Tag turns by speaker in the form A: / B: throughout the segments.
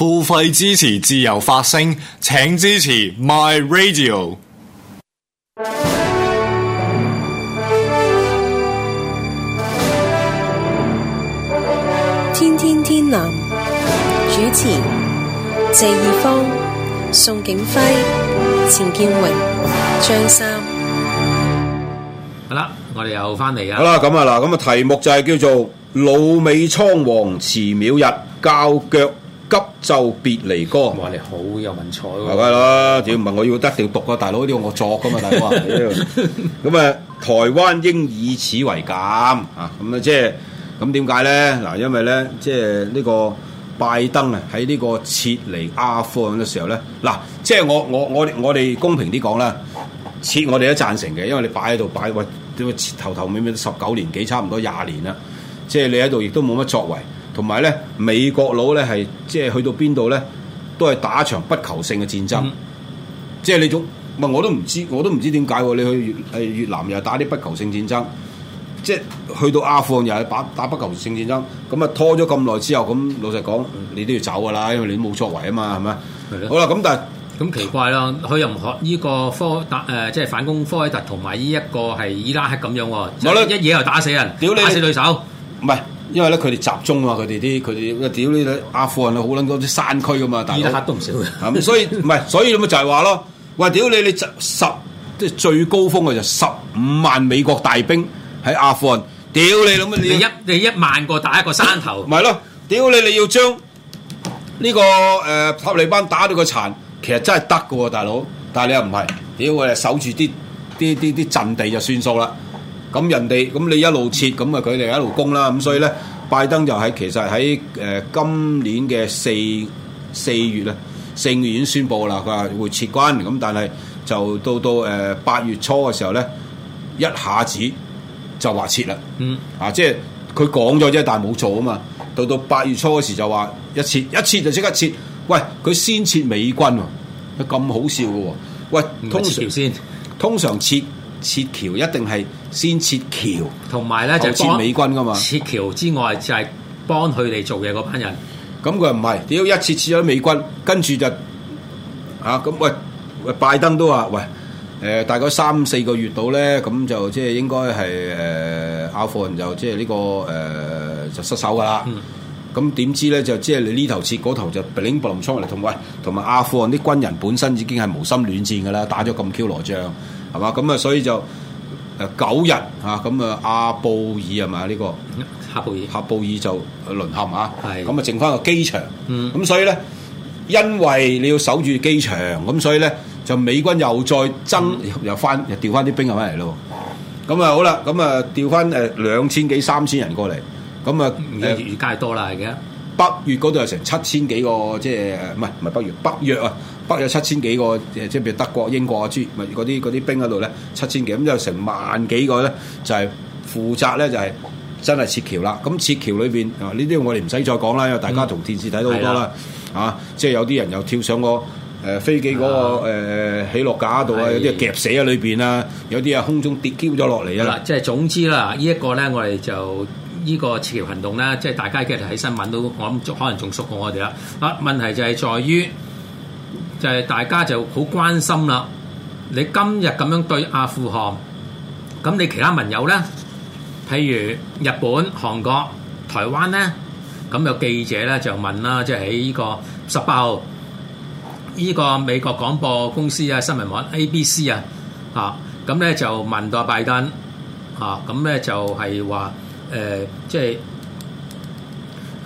A: 付費支持
B: 自由發聲，請支持 My Radio。天天天藍主持：謝義
A: 方、宋景輝、錢建榮、張三。好啦，我哋又翻嚟啦。好啦，
B: 咁啊嗱，咁啊題目就係叫做老美倉皇辭廟日教腳。交腳急就別離歌，話
A: 你好有文采喎，咪係咯？
B: 點、啊、問我要得？一定要讀啊，大佬呢個我作噶、啊、嘛，大佬。咁 啊，台灣應以此為鑑啊。咁啊、就是，即係咁點解咧？嗱，因為咧，即係呢個拜登啊，喺呢個撤離阿富汗嘅時候咧，嗱、啊，即、就、係、是、我我我我哋公平啲講啦，撤我哋都贊成嘅，因為你擺喺度擺，喂，點撤頭頭尾尾都十九年幾，差唔多廿年啦，即、就、係、是、你喺度亦都冇乜作為。同埋咧，美國佬咧係即係去到邊度咧，都係打場不求勝嘅戰爭。即係你總，唔係我都唔知，我都唔知點解喎。你去誒越南又打啲不求勝戰爭，即係去到阿富汗又係打打不求勝戰爭。咁啊拖咗咁耐之後，咁老實講，你都要走噶啦，因為你冇作為啊嘛，係咪啊？係咯。
A: 好啦，咁但係咁奇怪咯，佢又唔學呢個科達誒，即係、呃就是、反攻科威特同埋呢一個係伊拉克咁樣喎。冇啦，就一嘢又打死人，屌你打死對手，唔係。
B: 因為咧佢哋集中啊，佢哋啲佢哋，屌你阿富汗好撚多啲山區噶嘛，依下都唔少。咁所以唔係，所以咪就係話咯，我話屌你你十即係最高峰嘅就十五萬美國大兵喺阿富汗，屌你諗你一
A: 你一萬個打一個山頭。
B: 唔係咯，屌你你要將呢、這個誒、呃、塔利班打到個殘，其實真係得㗎喎，大佬，但係你又唔係，屌我哋守住啲啲啲啲陣地就算數啦。咁人哋咁你一路撤，咁啊佢哋一路攻啦。咁所以咧，拜登就係其實喺、呃、今年嘅四四月啊，四月已經宣布啦，佢話會撤軍。咁但係就到到、呃、八月初嘅時候咧，一下子就話撤啦。嗯，啊，即係佢講咗啫，但冇做啊嘛。到到八月初嘅時候就話一撤一撤就即刻撤。喂，佢先撤美軍，喎，咁好笑喎。喂，通常先，通常撤撤，撤橋一定係。先撤僑，同埋咧就撤美軍噶嘛。撤僑之外就係、是、幫佢哋做嘢嗰班人。咁佢唔係，屌一次撤咗美軍，跟住就嚇咁、啊、喂喂拜登都話喂誒、呃、大概三四個月到咧，咁就即係應該係誒、呃、阿富汗就即係呢個誒、呃、就失守噶啦。咁點、嗯、知咧就即係你呢頭撤嗰頭就 b r 布林沖嚟同喂，同埋阿富汗啲軍人本身已經係無心戀戰噶啦，打咗咁 Q 羅仗係嘛，咁啊所以就。九日嚇咁啊，阿、啊、布爾係咪呢個哈布爾，哈布爾就淪陷啊！係咁啊，剩翻個機場。嗯，咁所以咧，因為你要守住機場，咁所以咧，就美軍又再增、嗯、又、又翻又調翻啲兵入翻嚟咯。咁啊好啦，咁啊調翻誒兩千幾三千人過嚟，咁啊越、越界越多啦而家，北越嗰度有成七千幾個，即係唔係唔係北越北約啊？北約七千幾個，即係譬如德國、英國啊，諸咪嗰啲啲兵嗰度咧，七千幾咁，就有成萬幾個咧，就係、是、負責咧，就係、是、真係撤僑啦。咁撤僑裏邊啊，呢啲我哋唔使再講啦，因為大家同電視睇到好多啦，嗯、啊，即係有啲人又跳上個誒、呃、飛機嗰、那個、呃、起落架度啊，有啲夾死喺裏邊啊，有啲啊空中跌翹咗落嚟啊。
A: 即係總之啦，這個、呢一個咧，我哋就呢、這個撤僑行動咧，即係大家今日睇新聞都，我諗可能仲熟過我哋啦。啊，問題就係在於。就係大家就好關心啦。你今日咁樣對阿富汗，咁你其他盟友咧，譬如日本、韓國、台灣咧，咁有記者咧就問啦，即係喺呢個十八號，呢個美國廣播公司啊新聞網 ABC 啊，嚇咁咧就問到拜登，嚇咁咧就係話誒，即係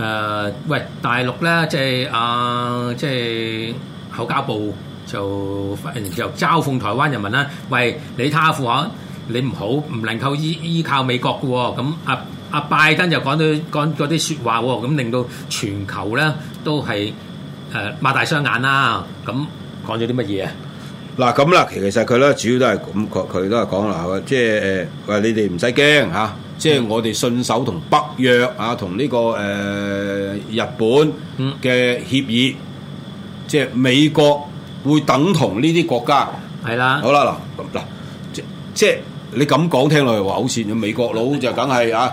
A: 誒喂大陸咧，即係啊，即、呃、係。就是口交部就就嘲諷台灣人民啦，喂，你睇下父行，你唔好唔能夠依依靠美國嘅喎，咁阿阿拜登就講到講嗰啲説話喎，咁令到全球咧都係誒擘大雙眼啦，咁講咗啲乜嘢啊？
B: 嗱，咁啦，其實佢咧主要都係咁，佢佢都係講啦，即係誒，你哋唔使驚嚇，即、啊、係、就是、我哋信守同北約啊，同呢、這個誒、呃、日本嘅協議。嗯即係美國會等同呢啲國家，係啦是的，好啦嗱，嗱即即係你咁講聽落嚟話，好似美國佬就梗係啊，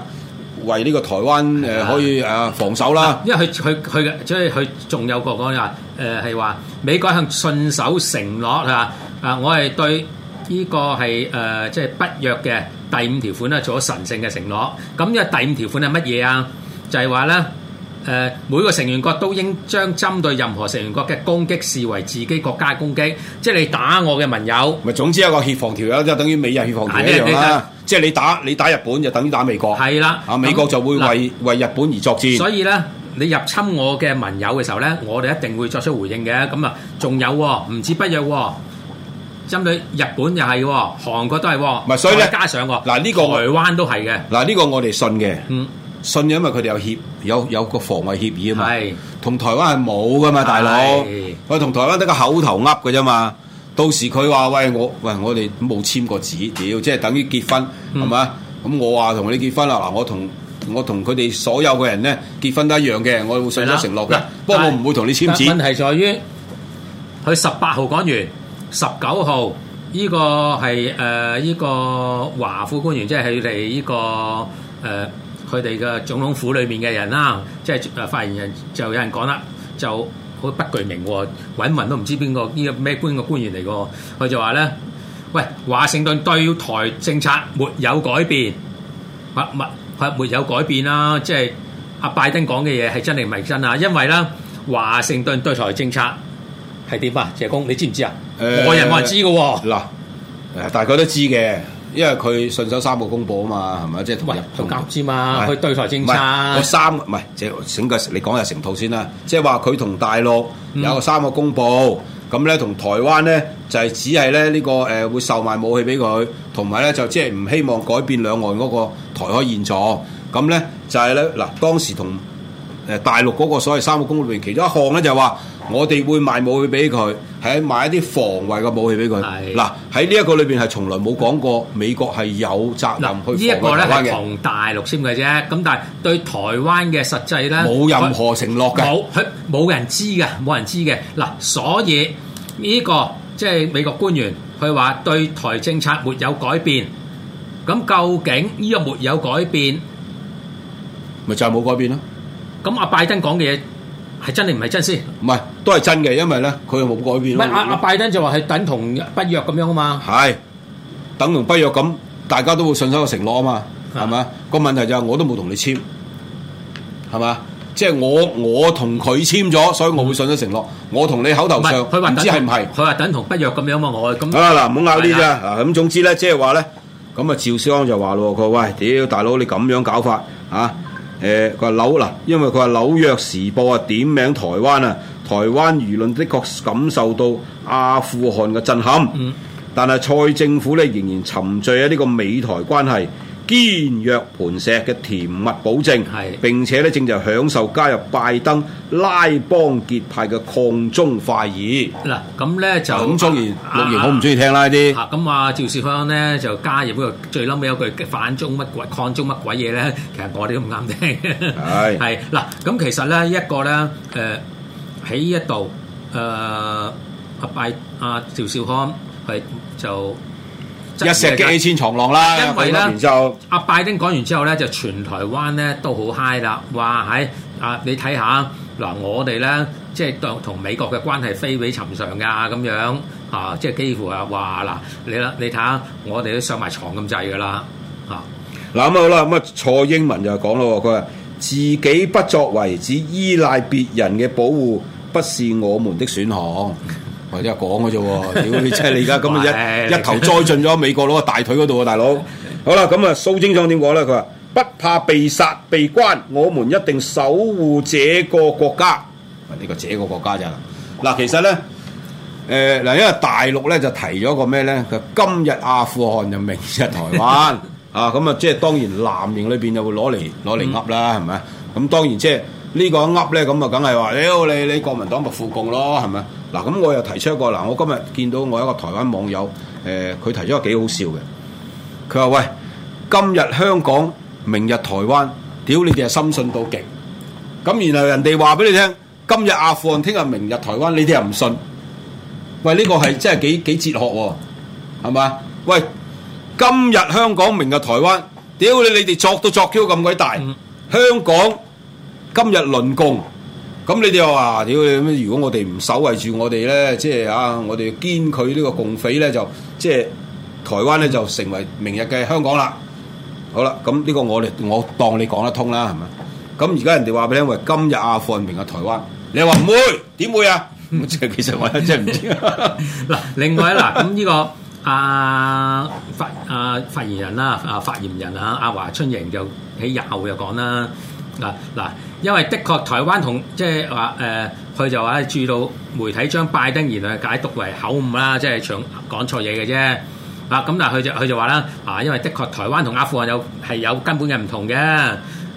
B: 為呢個台灣
A: 誒可以誒防守啦。因為佢佢佢嘅，所以佢仲有個講話誒係話美國一向信守承諾啊！啊、呃，我係對呢個係誒即係北約嘅第五條款咧做咗神聖嘅承諾。咁因為第五條款係乜嘢啊？就係話咧。誒，每個成員國都應將針對任何成員國嘅攻擊視為自己國家嘅攻擊，即係你打我嘅盟友。咪總之有個協防條約就等於美
B: 日協防條約一樣啦。即係你打你打日本就等於打美國。係啦，啊美國就會為為日
A: 本而作戰。所以咧，你入侵我嘅盟友嘅時候咧，我哋一定會作出回應嘅。咁啊，仲有唔止北約針對日本又係，韓國都係。咪所以咧，加上嗱呢個台灣都係嘅。
B: 嗱呢個我哋信嘅。嗯。信嘅，因為佢哋有協有有個防衞協議啊嘛，同是的 台灣係冇噶嘛，大佬，我同是的 台灣得個口頭噏㗎啫嘛。到時佢話喂，我喂我哋冇簽過紙，屌，即係等於結婚係嘛？咁、嗯、我話同你結婚啊嗱，我同我同佢哋所有嘅人咧結婚都一樣嘅，我會信守承諾嘅。的不過我唔會同你簽字。問題在於，
A: 佢十八號講完，十九號呢、呢個係誒依個華府官員，即係佢哋依個誒。呃佢哋嘅總統府裏面嘅人啦，即係誒發言人就有人講啦，就好不具名喎，揾雲都唔知邊個呢個咩官嘅官員嚟㗎，佢就話咧，喂，華盛頓對台政策沒有改變，沒沒，係沒有改變啦。即係阿拜登講嘅嘢係真定唔係真啊？因為咧，華盛頓對台政策係點啊？謝公，你知唔知啊？呃、外人話知㗎喎，嗱，誒，
B: 大家都知嘅。因為佢順手三個公佈啊嘛，係咪？
A: 即係同一同監之嘛，去是對台政策
B: 三個三唔係整整個你講下成套先啦。即係話佢同大陸有個三個公佈，咁咧同台灣咧就係、是、只係咧呢個誒、呃、會售賣武器俾佢，同埋咧就即係唔希望改變兩岸嗰個台海現狀。咁咧就係咧嗱，當時同誒大陸嗰個所謂三個公佈裏面其中一項咧就係話。我哋會賣武器俾佢，喺買一啲防衛嘅武器俾佢。嗱喺呢一個裏邊係從來冇講過
A: 美國係有責任去防衛嘅。呢一個咧係同大陸先嘅啫，咁但係對台灣嘅實際咧冇任何承諾嘅，冇冇人知嘅，冇人知嘅。嗱，所以呢個即係美國官員佢話對台政策沒有改變，咁究竟呢個沒有改變，咪就係冇改變囉。咁阿拜登講嘅嘢，係真定唔係真先？唔係，都係真嘅，因為咧佢又冇改變。唔係阿阿拜登就話係等同不約咁樣啊嘛。係等同不
B: 約咁，大家都會信守承諾啊嘛。係嘛的？個問題就係、是、我都冇同你簽，係嘛？即係我我同佢簽咗，所以我會信守承諾。嗯、我同你口頭上，佢話唔知係唔係？佢話
A: 等同不約咁樣嘛？我咁啊嗱，唔好拗呢
B: 啦。咁，是的總之咧，即係話咧，咁啊，趙少康就話咯，佢話喂，屌大佬，你咁樣搞法啊？佢話、呃、紐嗱，因為佢話紐約時報啊點名台灣啊，台灣輿論的確感受到阿富汗嘅震撼，嗯、但係蔡政府咧仍然沉醉喺呢個美台關係。堅若磐石嘅甜蜜保證，係，並且咧正就享受加入拜登拉幫結派嘅抗中快意。
A: 嗱，咁咧就好唔中意，綠營好唔中意聽啦呢啲。咁啊，趙少康咧就加入呢個最嬲尾有句反中乜鬼、抗中乜鬼嘢咧，其實我哋都唔啱聽。係，係嗱，咁其實咧一個咧，誒喺呢一度，誒阿拜阿趙少康係就。
B: 一石激起千重浪啦！咁然之
A: 後，阿拜登講完之後咧，就全台灣咧都好嗨 i 啦。話喺、哎、啊，你睇下嗱，我哋咧即係同同美國嘅關係非比尋常啊，咁樣啊，即係幾乎啊話嗱，你啦，你睇下我哋都上埋床咁滯噶啦啊
B: 嗱咁、啊、好啦咁啊，蔡英文就講咯，佢話自己不作為，只依賴別人嘅保護，不是我們的選項。我只係講嘅啫喎，屌 你現在！真係你而家咁啊一，一頭栽進咗美國佬嘅大腿嗰度啊，大佬。 好啦，咁啊蘇貞昌點講咧？佢話 不怕被殺被關，我們一定守護這個國家。啊，呢個這個國家咋？嗱， 其實咧，誒、呃、嗱，因為大陸咧就提咗個咩咧？佢今日阿富汗就明日台灣 啊！咁啊，即係當然藍營裏邊就會攞嚟攞嚟噏啦，係咪啊？咁當然即係、這個、呢個噏咧，咁啊，梗係話屌你你國民黨咪附共咯，係咪？嗱，咁我又提出一個嗱，我今日見到我一個台灣網友，誒，佢提出個幾好笑嘅，佢話喂，今日香港，明日台灣，屌你哋係深信到極，咁然後人哋話俾你聽，今日阿富汗，聽日明日台灣，你哋又唔信，喂呢個係真係幾幾哲學喎，係嘛？喂，今日香港，明日台灣，屌你你哋作都作 Q 咁鬼大，香港今日輪共。咁你哋又話屌你如果我哋唔守衛住我哋咧，即係啊，我哋堅拒呢個共匪咧，就即係台灣咧，就成為明日嘅香港啦。好啦，咁呢個我哋我當你講得通啦，係嘛？咁而家人哋話俾你聽，為今日阿富汗，明日嘅台灣，你話唔會點會啊？即係 其實我真係唔知。嗱，
A: 另外嗱，咁呢、呢個阿、啊發,啊、發言人啦，啊發言人啊，阿華春瑩就喺日後又講啦。嗱、啊、嗱。因為的確台灣同即係話誒，佢就話、是呃、注意到媒體將拜登言論解讀為口誤啦，即係講講錯嘢嘅啫。啊，咁但佢就佢就話啦，啊，因為的確台灣同阿富汗有係有根本嘅唔同嘅。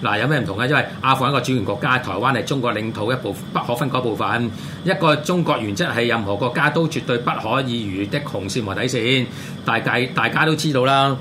A: 嗱、啊，有咩唔同咧？因為阿富汗一個主權國家，台灣係中國領土一部不可分割部分。一個中國原則係任何國家都絕對不可以逾的紅線和底線，大大，大家都知道啦。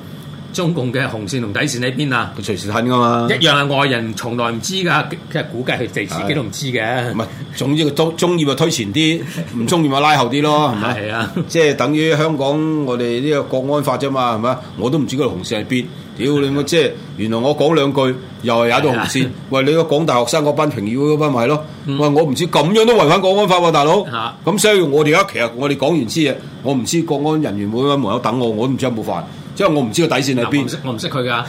A: 中共嘅紅線同底線喺邊啊？佢隨時揾噶嘛，一樣係外人從來唔知㗎。其實估計佢自己都唔知嘅。唔係，總之佢中中意咪推前啲，唔 中
B: 意咪拉後啲咯，係咪啊？即係等於香港我哋呢個國安法啫嘛，係咪我都唔知佢度紅線喺邊。屌你，我即係原來我講兩句又係踩到紅線。 喂，你個港大學生嗰班、評議會嗰班咪係咯？ 喂，我唔知咁樣都違反國安法喎，大佬。嚇！咁所以我哋而家其實我哋講完啲嘢，我唔知國安人員會唔會喺門口等我，我都唔知有冇飯。即係我唔
A: 知個底線喺邊，我唔識佢噶，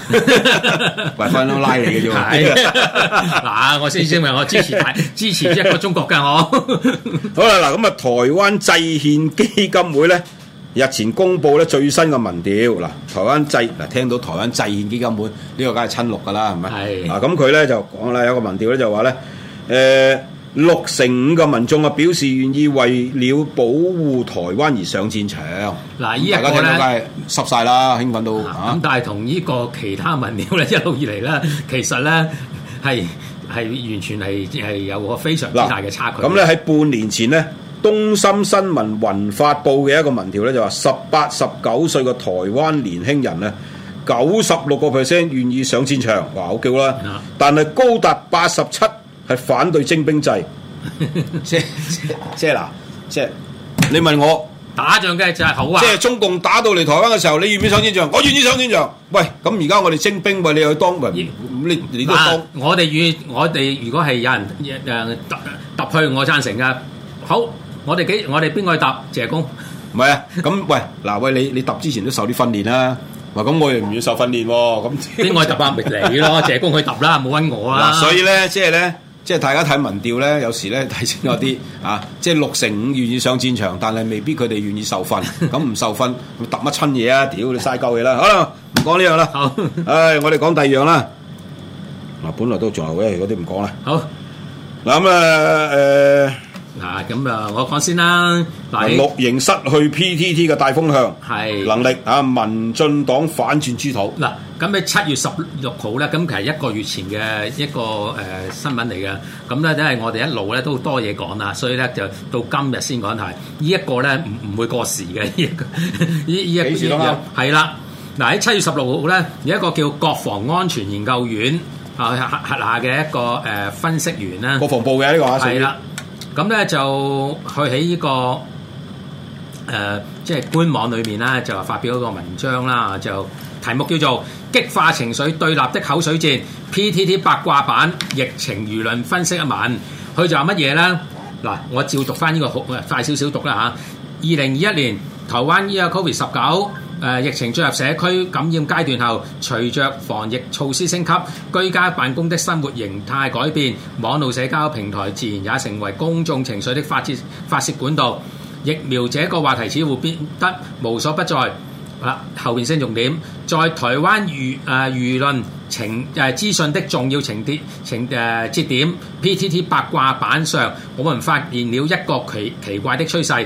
A: 喂， 分拉嚟嘅啫。嗱，我先因為我支持支持一個中國嘅我。 好啦，
B: 嗱咁啊，台灣制憲基金會咧日前公布咧最新嘅民調，嗱，台灣制嗱聽到台灣制憲基金會呢、這個梗係親綠噶啦，係咪？嗱咁佢咧就講啦，有個民調咧就話咧，誒、呃。六成五嘅民眾啊，表示願意為了保護台灣而上戰場。
A: 嗱，依個咧
B: 濕晒啦，興奮到。
A: 咁但係同呢個其他民調咧一路以嚟咧，其實咧係係完全係係有個非常之大嘅差距。咁咧喺
B: 半年前呢，《東森新聞雲發報》嘅一個民調咧就話，十八、十九歲嘅台灣年輕人咧，九十六個 percent 願意上戰場。哇，好叫啦！嗯。但係高達八十七。係反對徵兵制，即即嗱，即你問我
A: 打仗嘅就係好啊！即
B: 中共打到嚟台灣嘅時候，你願唔願意上戰場？我願意上戰場。喂，咁而家我哋徵兵喎，你又去當？你你都當？
A: 我哋願，我哋如果係有人誒揼揼去，我贊成嘅。好，我哋幾？我哋邊個去揼？謝公
B: 唔係啊？咁喂，嗱喂，你你揼之前都受啲訓練啦。唔係咁，我亦唔願受訓練喎。咁邊個揼阿明？你咯，謝
A: 公去揼啦，冇揾我啊。所以咧，
B: 即咧。即係大家睇民調咧，有時咧睇清楚啲啊！即係六成五願意上戰場，但係未必佢哋願意受訓。咁唔 受訓，揼乜春嘢啊？屌你嘥鳩嘢啦！好啦，唔講呢樣啦。好，唉，我哋講第二樣啦。嗱，本來都仲有嗰啲唔講啦。 好，嗱咁啊，啊，啊嗱咁啊，我講先啦。綠營失去 PTT 嘅帶風向，
A: 係是能力
B: 啊！民進黨
A: 反轉豬肚。嗱,咁喺七月十六號咧，咁其實一個月前嘅一個誒、呃、新聞嚟嘅。咁咧，因為我哋一路咧都多嘢講啦，所以咧就到今日先講係呢一個咧，唔唔會過時嘅呢一個呢一個。幾時講？係啦、這個，嗱喺七月十六號咧，有一個叫國防安全研究院轄下嘅一個誒分析員咧，國防部嘅呢個啊，係、這、啦、個。咁咧就佢喺呢個即係、呃就是、官網裏面咧就發表一個文章啦，就題目叫做《激化情緒對立的口水戰》，PTT 八卦版疫情輿論分析一文。佢就話乜嘢咧？嗱，我照讀翻呢、呢個好快少少讀啦嚇。二零二一年台灣呢個 Covid 十九。19, 疫情進入社區感染階段後，隨着防疫措施升級、居家辦公的生活形態改變，網絡社交平台自然也成為公眾情緒的發泄發泄管道。疫苗這個話題似乎變得無所不在。啊、後面後邊先重點，在台灣輿、呃、論論情資訊、呃、的重要情節、呃、節點，PTT 八卦板上，我們發現了一個奇奇怪的趨勢。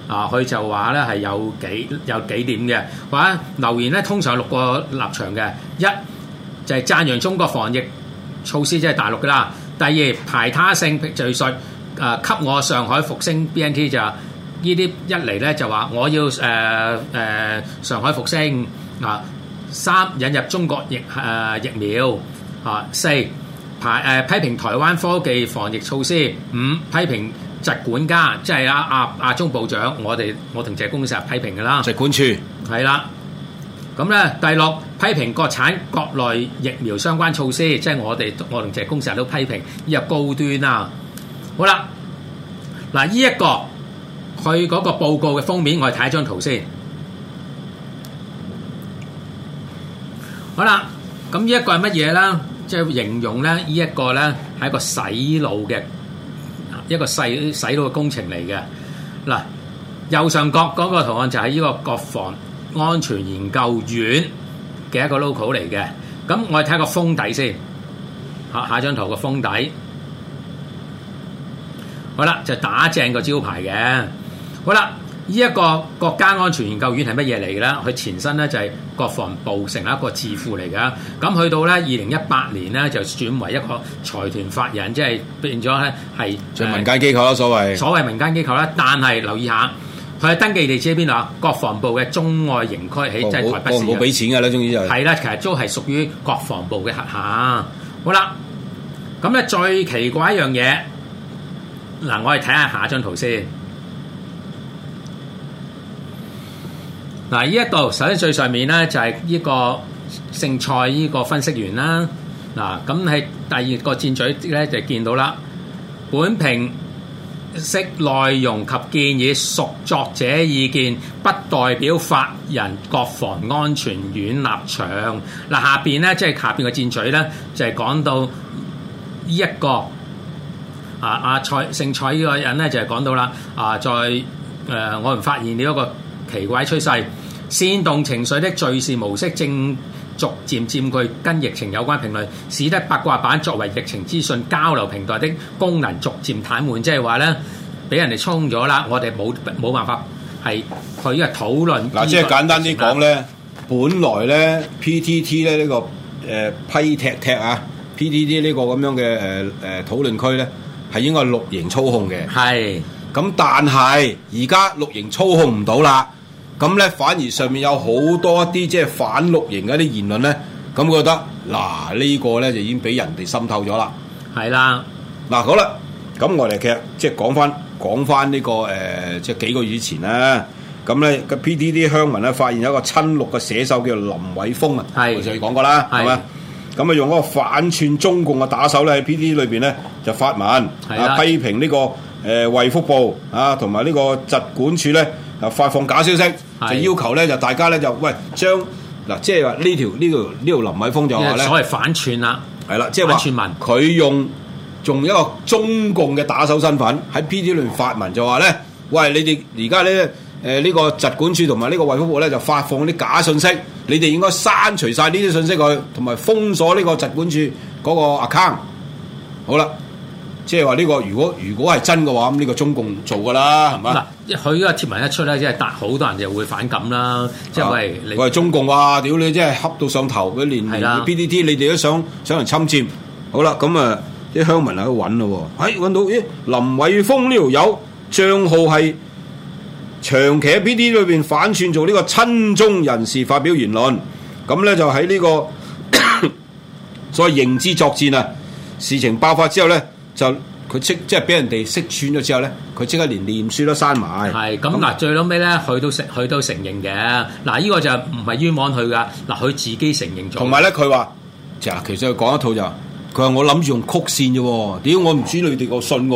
A: 啊！佢就話咧係有幾有幾點嘅話，留言咧通常有六個立場嘅。一就係讚揚中國防疫措施，即係大陸噶啦。第二排他性詆譭説啊，給我上海復星 BNT 就呢啲一嚟咧就話我要誒誒上海復星啊。三引入中國疫誒疫苗啊。四排誒批評台灣科技防疫措施。五批評。疾管家即係阿阿阿中部長，我哋我同謝公成日批評嘅啦。疾管處係啦，咁咧第六批評國產國內疫苗相關措施，即係我哋我同謝公成日都批評入高端啊。好啦，嗱呢一個佢嗰個報告嘅封面，我哋睇一張圖先。好啦，咁呢一個係乜嘢咧？即係形容咧，呢一個咧係一個洗腦嘅。一個細洗腦嘅工程嚟嘅，嗱右上角嗰個圖案就係呢個國防安全研究院嘅一個 logo 嚟嘅，咁我哋睇下個封底先，下下張圖個封底，好啦，就打正個招牌嘅，好啦。呢一個國家安全研究院係乜嘢嚟嘅咧？佢前身咧就係國防部成一個智庫嚟嘅。咁去到咧二零一八年咧就轉為一個財團法人，即係變咗咧係，做民間機構啦，所謂。所謂民間機構啦，但係留意一下佢嘅登記地址喺邊度啊？國防部嘅中外營區喺即係台北市。冇冇俾錢㗎啦，終於就係、係。係啦，其實都係屬於國防部嘅轄下。好啦，咁咧最奇怪一樣嘢，嗱我哋睇下下張圖先。嗱，呢一度首先最上面咧就係、是、呢個姓蔡呢個分析員啦。嗱、啊，咁喺第二個箭嘴咧就見到啦。本評析內容及建議屬作者意見，不代表法人國防安全院立場。嗱、啊，下邊咧即係下邊嘅箭嘴咧，就係、是、講、就是、到呢一個啊啊，啊姓蔡盛蔡呢個人咧就係、是、講到啦。啊，在誒、呃，我哋發現到一個奇怪趨勢。煽動情緒的敘事模式正逐漸佔據跟疫情有關評論，使得八卦版作為疫情資訊交流平台的功能逐漸癱瘓。即係話呢，俾人哋衝咗啦，我哋冇冇辦法係佢啊討論、這個。嗱，即係簡單啲講呢，
B: 本來呢 P.T.T. 呢、這個誒批踢踢啊，P.T.T. 呢個咁樣嘅誒誒討論區呢，係應該綠營操控嘅。係咁是，但係而家綠營操控唔到啦。咁咧反而上面有好多一啲即係反綠型嘅一啲言論咧，咁覺得嗱呢、這個咧就已經俾人哋滲透咗啦。係啦的，嗱好啦，咁我哋其實即係講翻講翻呢個誒，即係、這個呃、幾個月前啦，咁咧個 P T T 鄉民咧發現有一個親綠嘅寫手叫林偉峰啊，頭先的講過啦，係嘛的？咁啊的用嗰個反串中共嘅打手咧喺 P T T 裏邊咧就發文啊的批評呢、這個誒衛、呃、福部啊同埋呢個疾管處咧。啊！發放假消息，的就要求咧就大家咧就喂，將嗱即係話呢條呢條呢條林偉峰就話咧，所
A: 謂反串啦，
B: 係啦，即係話佢用仲一個中共嘅打手身份喺 P T 聯發文就話咧，喂你哋而家咧誒呢個疾管處同埋呢個衞福部咧就發放啲假信息，你哋應該刪除晒呢啲信息佢，同埋封鎖呢個疾管處嗰個 account，好啦。即係話呢個如果如果係真嘅話，咁呢個中共做噶啦，係咪？嗱，
A: 佢依個貼文一出咧，即係但好多人就會反感啦。即係喂，中共哇、啊？屌你，真係恰到上頭！佢
B: 連 PTT，你哋都想想嚟侵佔。好啦，咁啊，啲鄉民喺度揾咯。哎，揾到咦？林偉峰呢條友賬號係長期喺 PTT 裏邊反串做呢個親中人士發表言論。咁咧就喺呢、這個所謂認知作戰啊。事情爆發之後咧。就
A: 佢即即係俾人哋識穿咗之後咧，佢即刻連臉書都刪埋。係咁嗱，樣最撈尾咧，佢都，都成佢都承認嘅。嗱，呢個就唔係冤枉佢噶。嗱，佢自己承認咗。同埋
B: 咧，佢話，嗱，其實佢講一套就是，佢話我諗住用曲線啫。屌我唔知你哋個信噶，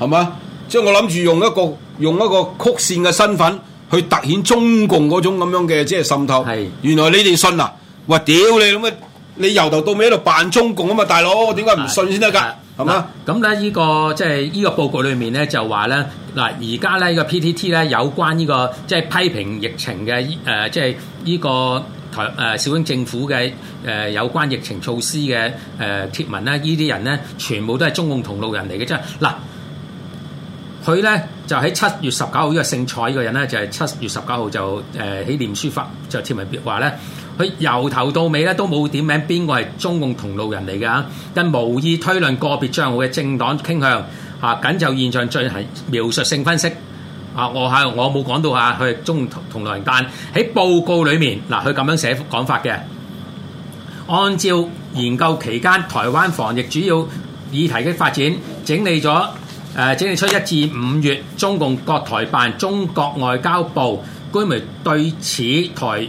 B: 係嘛，嗯？即係、就是、我諗住用一個用一個曲線嘅身份去凸顯中共嗰種咁樣嘅即係滲透。係是原來你哋信啊？我屌你咁嘅，你由頭到尾喺度扮中共啊嘛，大佬，我點解唔信先得噶？係嘛？
A: 咁咧，呢個即係依個報告裏面咧，就話咧嗱，而家咧依個 P.T.T 咧有關呢個即係批評疫情嘅誒，即係呢個台誒小英政府嘅誒有關疫情措施嘅誒貼文咧，呢啲人咧全部都係中共同路人嚟嘅，即係嗱，佢咧就喺七月十九號呢個姓蔡嘅人咧，就係七月十九號就誒喺面書發，就貼文話咧。佢由頭到尾咧都冇點名邊個係中共同路人嚟㗎，啊！因無意推論個別帳號嘅政黨傾向，緊就現場進行描述性分析。啊，我係我冇講到下，佢係中共同路人，但喺報告裏面嗱，佢咁樣寫講法嘅。按照研究期間台灣防疫主要議題嘅發展，整理咗整理出一至五月中共國台辦、中國外交部官媒對此台。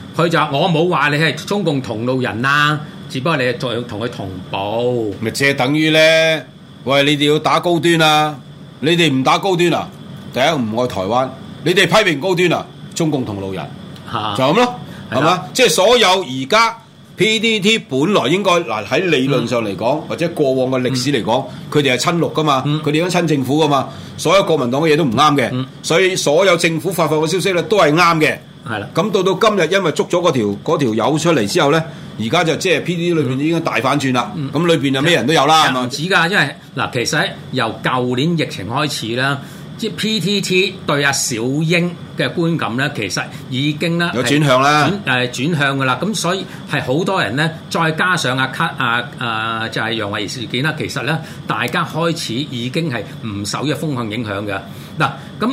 A: 佢就話：我冇話你係中共同路人啦、啊，只不過你係再同佢同步。咪即係等於咧？
B: 喂，你哋要打高端啊！你哋唔打高端啊！第一唔愛台灣，你哋批評高端啊！中共同路人，啊、就咁咯，係嘛？即係所有而家 PTT 本來應該嗱喺理論上嚟講，嗯、或者過往嘅歷史嚟講，佢哋係親綠噶嘛，佢哋都親政府噶嘛，所有國民黨嘅嘢都唔啱嘅，嗯嗯、所以所有政府發放嘅消息咧都係啱嘅。係啦，咁到到今日，因為捉咗個條嗰條友出嚟之後咧，而家就即係 P T T 裏邊已經大反轉啦。咁裏邊有咩人都有啦，係嘛？唔
A: 止㗎，因為嗱，其實由舊年疫情開始啦，即係 P T T 對阿小英嘅觀感咧，其實已經咧有轉向啦，誒、嗯呃、轉向㗎啦。咁所以係好多人咧，再加上阿卡阿啊，就係、是、楊慧儀事件啦。其實咧，大家開始已經係唔受一風向影響嘅。嗱、啊，咁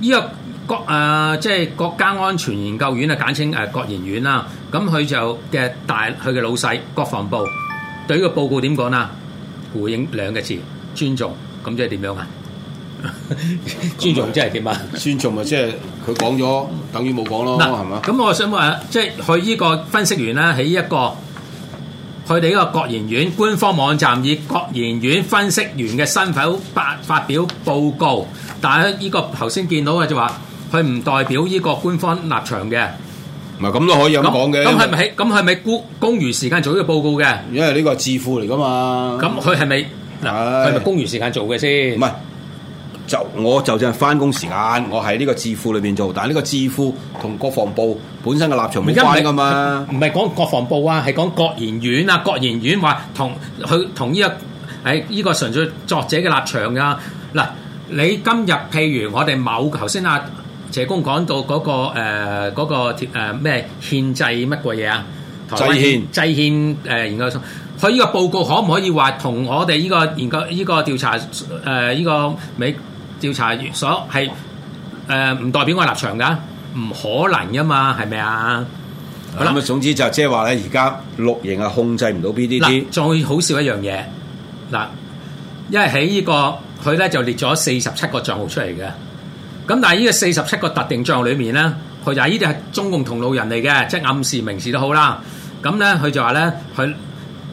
A: 呢個國誒、呃、即係國家安全研究院啊，簡稱誒國研院啦。咁佢就嘅大佢嘅老細國防部對呢個報告點講啊，回應兩個字：尊重。咁即係點樣啊？ 尊重即係點啊？麼 尊重咪即係佢講咗，等於冇講咯，係嘛那？咁吧我想問，即係佢呢個分析員咧喺一個佢哋呢個國研院官方網站，以國研院分析員嘅身份發發表報告，但係呢個頭先見到嘅就話。佢唔代表呢個官方立場嘅，唔係咁都可以咁講嘅。咁佢咪咁佢咪公公餘時間做呢個報告嘅？因為呢個係智庫嚟噶嘛。咁佢係咪嗱？佢咪公餘時間做嘅先？唔係，
B: 就我就算係返工時間，我喺呢個智庫裏邊做。但係呢個智庫同國防部
A: 本身嘅立場唔關噶嘛。唔係講國防部啊，係講國研院啊。國研院話同佢同依、這個係依、這個純粹作者嘅立場啊。嗱，你今日譬如我哋某頭先啊。謝公講到嗰、那個誒嗰咩憲制乜鬼嘢啊？制憲制憲誒研究所，佢呢個報告可唔可以話同我哋呢個研究依、這個調查誒依、呃這個美調查所係誒唔代表我哋立場噶？唔可能啊嘛，係咪啊？咁啊，
B: 總之就即係話咧，而家綠營係控制唔到 PTT。嗱，
A: 再好笑的一樣嘢嗱，因為喺呢、這個佢咧就列咗四十七個賬號出嚟嘅。咁但係呢個四十七個特定帳號裡面咧，佢就係呢啲係中共同路人嚟嘅，即係暗示明示都好啦。咁咧，佢就話咧，佢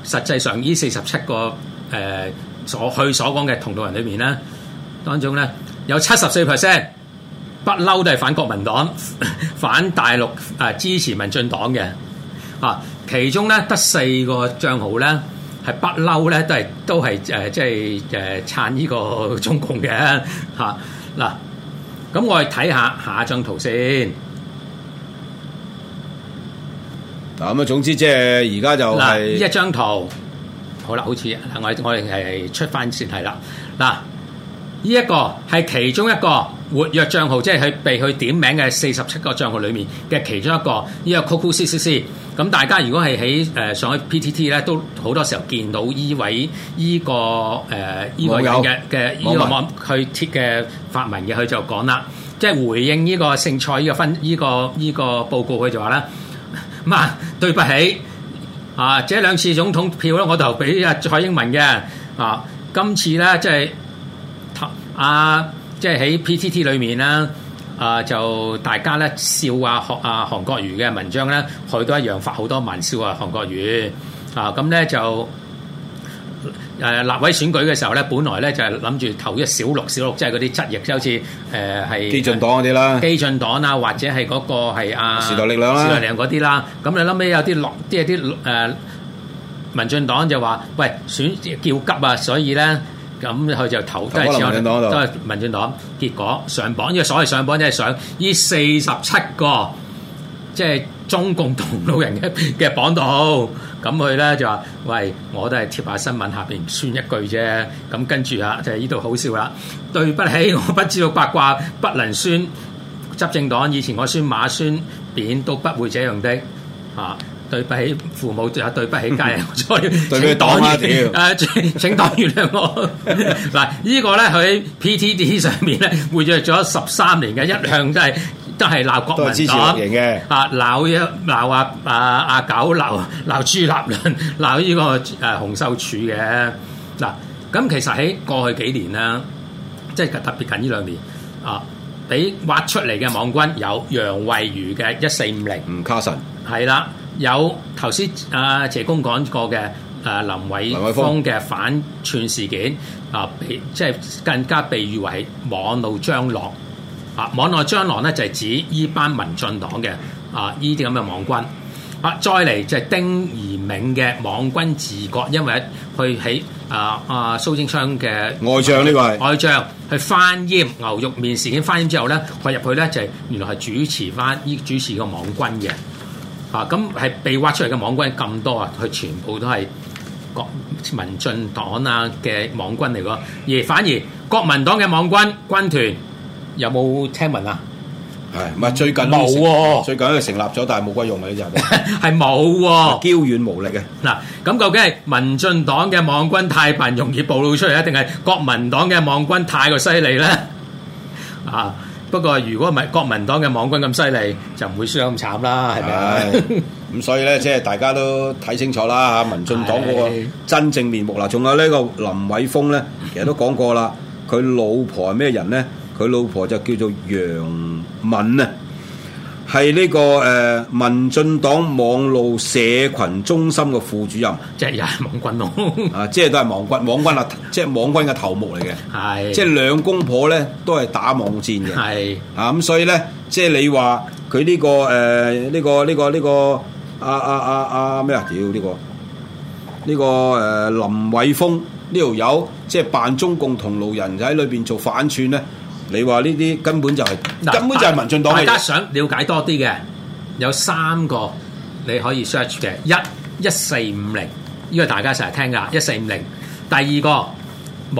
A: 實際上呢四十七個誒、呃、所佢所講嘅同路人裡面咧，當中咧有七十四 percent 不嬲都係反國民黨、反大陸啊，支持民進黨嘅啊。其中咧得四個帳號咧係不嬲咧都係都係誒即係誒撐呢個中共嘅嚇嗱。啊咁我哋睇下下一張圖先。
B: 嗱，咁總之即係而家就係嗱、就是，呢一
A: 張圖，好啦，好似，我我哋係出返先看，係啦。嗱，呢一個係其中一個。活躍帳號，即係佢被佢點名嘅四十七個帳號裏面嘅其中一個，呢、這個 Coco C C、CC、C。咁大家如果係喺誒上去 PTT 咧，都好多時候見到依位依、這個誒依、呃、有個嘅嘅依個佢貼嘅發文嘅，佢就講啦，即係回應呢個姓蔡嘅個分依、這個依、這個報告他說，佢就話咧，唔啊對不起啊，這兩次總統票咧，我投俾阿蔡英文嘅啊，今次咧即係阿。即係喺 PTT 裏面啦，啊、呃、就大家咧笑啊學啊韓國瑜嘅文章咧，佢都一樣發好多文笑啊韓國瑜啊，咁咧就誒、呃、立委選舉嘅時候咧，本來咧就係諗住投一小六小六，即係嗰啲執業，即好似誒係基進黨嗰啲啦，基進黨啊，或者係嗰個係啊時代力量嗰啲啦，時代力量嗰啲啦，咁、嗯、你諗起有啲落，即係啲誒民進黨就話，喂選叫急啊，所以咧。咁佢就投都係支持，都係民進黨、黨。結果上榜，因為所謂上榜即係上依四十七個，即係中共同路人嘅嘅榜度。咁佢咧就話：喂，我都係貼下新聞下邊宣一句啫。咁跟住啊，就係呢度好笑啦。對不起，我不知道八卦，不能宣執政黨。以前我宣馬宣扁都不會這樣的、啊對不起父母，又對不起家人，我再請黨啊屌！誒，請請黨，原諒我。嗱，依個咧喺 PTT 上面咧，活躍咗十三年嘅，一向都係都係鬧國民黨型嘅啊，鬧一鬧啊啊阿九，鬧朱立倫，鬧依個誒洪秀柱嘅。嗱，咁其實喺過去幾年啦，即係特別近依兩年啊，俾挖出嚟嘅網軍有楊惠如嘅一四五零，嗯，卡神係啦。有頭先阿謝公講過嘅誒、呃、林偉峯嘅反串事件啊，被即係更加被譽為網路蟑螂啊！網路蟑螂咧就係、是、指依班民進黨嘅啊依啲咁嘅網軍。好、啊，再嚟就係丁怡銘嘅網軍自覺，因為去喺啊啊蘇貞昌嘅外將呢個外將去翻煙牛肉麵事件翻煙之後咧，佢入去咧就係、是、原來係主持翻依主持個網軍嘅。啊，咁係被挖出嚟嘅網軍咁多啊，佢全部都係國民進黨啊嘅網軍嚟㗎，而反而國民黨嘅網軍軍團有冇聽聞啊？係，唔係最近冇喎，最近佢成、啊、成立咗，但係冇鬼用㗎呢隻，係冇喎，嬌軟無力嘅。嗱、啊，咁究竟係民進黨嘅網軍太笨，容易暴露出嚟，定係國民黨嘅網軍太過犀利咧？啊！不過如果唔係國民黨嘅網軍咁犀利，就唔會輸得咁慘啦，係咪？咁 所以咧，即係大家都睇清楚啦吓，民進黨嗰個
B: 真正面目嗱，仲有呢個林偉峰咧，其實都講過啦，佢老婆係咩人咧？佢老婆就叫做楊敏啊。係呢、這個誒、呃、民進黨網路社群中心嘅副主任，即係又係網軍咯， 啊，即、就、係、是、都係網軍，網軍啊，即、就、係、是、網軍嘅頭目嚟嘅，係是的，即係兩公婆咧都係打網戰嘅，係，啊咁所以咧，即係你話佢呢個誒呢個呢個呢個啊啊啊，咩啊？屌、啊、呢、這個呢、呃、個誒林偉峰呢條友，即、就、係、是、扮中共同路人喺裏邊做反串咧。你話呢
A: 啲根本就係，根本就係民進黨。大家想了解多啲嘅，有三個你可以 search 嘅，一一四五零，呢個大家成日聽噶，一四五零。第二個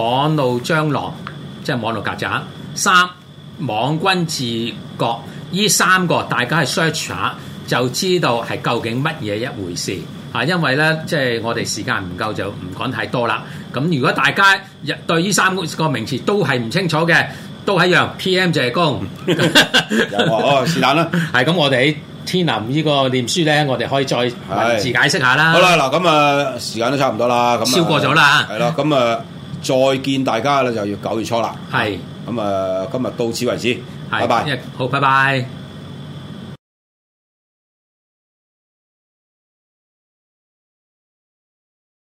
A: 網路蟑螂，即係網絡曱甴。三，網軍治國。呢三個大家去 search 下，就知道係究竟乜嘢一回事啊。因為咧，即係我哋時間唔夠，就唔講太多啦。咁如果大家對呢三個名詞都係唔清楚嘅，都係一樣，PM 就係公。哦，是但啦，係咁，我哋喺天南呢個念書咧，我哋可以再文字解釋下啦。好啦，嗱，
B: 咁啊，時間都差唔多啦，咁啊超過咗啦，係啦，咁啊，再見大家啦，就要九月初啦，係，咁啊，今日到此為止，拜拜，
A: 好，拜拜。